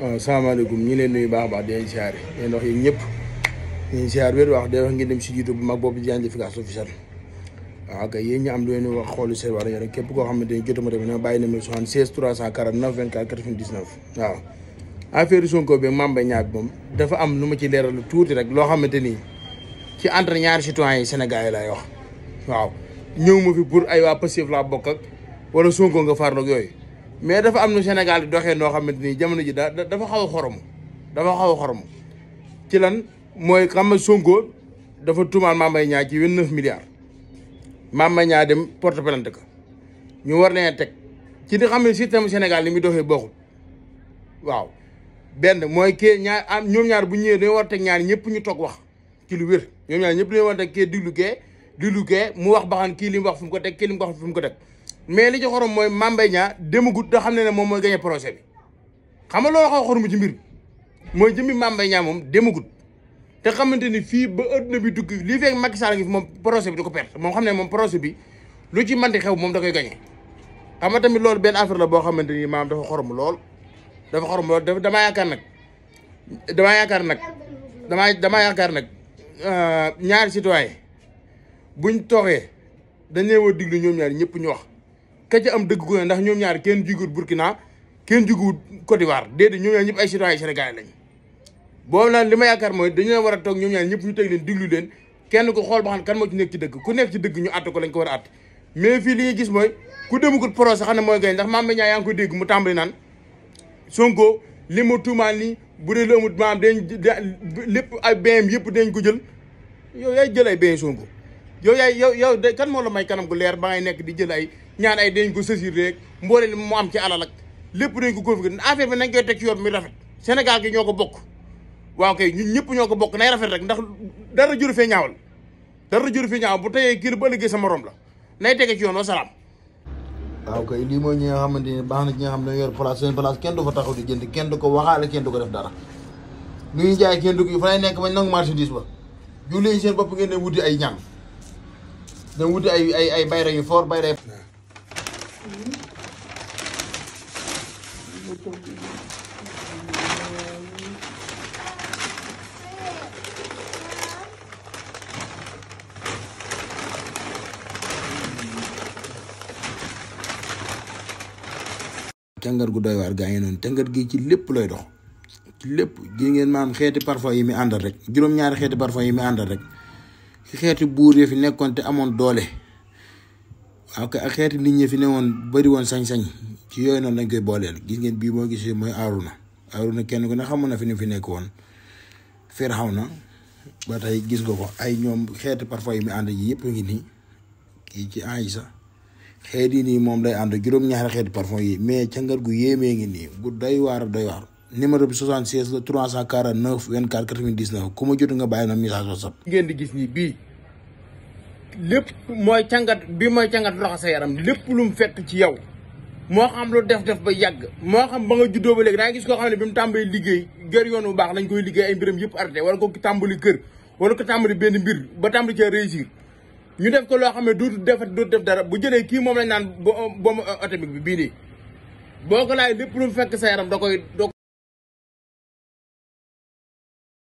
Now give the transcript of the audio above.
waaw salaamaaleykum ñi leen nuyu baax baax di leen siyaare leen ñëpp ngi siyaar weer wax day wax ngeen dem si jiitu bu mag boobu Dieng Efficace Officiel waaw kay yéen wax xoolu seen wax dañoo képp koo xamante ni jotuma tamit na bàyyi numéro 76 349 24 99 waaw Sonko bi Mame Mbaye moom dafa am lu ma ci leeral tuuti rek loo xamante ni ci entre ñaari citoyens yi Sénégal yi lay wax waaw ñëw ma fi pour ay waa Pastef laa bokk ak wala Sonko nga farloog yooyu mais dafa am no senegal di doxé no xamanteni jamono ji da dafa xaw xorom dafa xaw xorom ci lan moy xam songo dafa tumal mamay nya ci 29 milliards mamay nya dem porte plainte ko ñu war leen tek ci di xam système senegal ni mi doxé bokku waaw ben moy ke ñaar am ñom ñaar bu ñëw dañoo war tek ñaar ñepp ñu tok wax ci lu wër ñom ñaar ñepp dañoo war a teg kee diglu kee diglu ke mu wax baxan ki kii li wax fu ko tek kii li wax fu ko tek mais li ci xorom mooy Mame Mbaye da xamne ne ne moom mooy gagné bi xam nga lo xaw xorom ci mbir moy jëmi mambay nya mom moom demagut te xamanteni ni ba aduna bi dugg li fek Macky Sall ngi mom projet bi du ko perte mom xamne mom projet bi lu ci manti xew mom da koy gagner xam nga tamit lool ben affaire la bo xamanteni ni maam dafa xorom lool dafa xorom lool dafa damaa yaakaar nag damaa yaakaar dama damaa damaa yaakaar nag euh, ñaari citoyen buñ toxé dañ leen war diglu ñoom ñaar ñepp ñu wax ka ca am dëgg ko ne ndax ñoom ñaar kenn jugut Burkina kenn jugut Côte d'Ivoire déedéet ñoom ñaar ñëpp ay citoyen sénégalais lañ boobu nag li ma yaakaar mooy dañu leen war a toog ñoom ñaar ñëpp ñu teg leen diglu leen kenn ko xool ba xam kan moo ci nekk ci dëgg ku nekk ci dëgg ñu àtt ko lañ ko war a àtt mais fii li ñuy gis mooy ku demagut procès xam ne mooy gañ ndax maam bi ñaa yaa ngi koy dégg mu tàmbali naan Sonko li mu tuumaal nii bu dee lu amut maam dañ lépp ay benn yëpp dañ ko jël yow yaay jël ay benn Sonko Yo yaay yo yo yo kan yo la may kanam gu leer ba ngay yo di jël ay ñaan ay yo yo yo rek yo yo am ci alal ak yo dañ ko yo affaire bi nañ koy yo yo yoon mi rafet Sénégal gi yo yo yo waaw kay ñun yo yo yo yo nay rafet rek ndax dara juru yo ñaawal dara juru yo ñaawal bu yo yo yo ba yo sa morom la nay yo ci yoon wa yo waaw kay lii mooy ñi nga xamante ni baax na ñi nga xam ne yor place sen place kenn du fa taxaw di jënd kenn du ko waxaale kenn du ko def dara ñuy jaay kenn du ko fa lay nekk bañ marchandise ba julé sen bop ngeen ne wuti ay ñaan dana wuti ay ay ay bayra yu for bayra càngar gu doy war gaa non noonu gi ci lepp loy dox ci lépp gi ngeen maam xéti parfum yi muy rek juroom ñaari xéti parfum yi muy rek ci xeeti buur yi fi nekkoon te amoon doole ak ak xeeti nit ñi fi newoon bari woon sañ-sañ ci yooyu noonu lañ koy booleel gis ngeen bii moo gisee mooy aaruna aaruna kenn ku ne xamoon na fi ni fi nekk woon xaw na ba tey gis nga ko ay ñoom xeeti parfum yi mu ànd yi yëpp ngi nii kii ci Aïssa xeet yi nii moom lay ànd juróom-ñaari xeeti parfum yi mais cangat gu yéemee ngi nii bu doy waar doy waar numéro bi 76 la 349 24 99 ku ma jot nga bàyyi na message whatsapp. ngeen di gis nii bii lépp mooy cangat bi mooy cangat loxo sa yaram lépp lu mu fekk ci yow moo xam lu def def ba yàgg moo xam ba nga juddoo ba léegi da ngay gis xam ne bi mu tàmbali liggéey gër yoon bu baax lañ liggéey ay mbiram yëpp arrêté wala ko tàmbali kër wala ko benn mbir ba tàmbali cee réussir. ñu ko loo xam ne dootu def def dara bu jëlee kii moom lañ naan bo bombe atomique bi bii nii boo ko laaj lépp lu fekk sa yaram da koy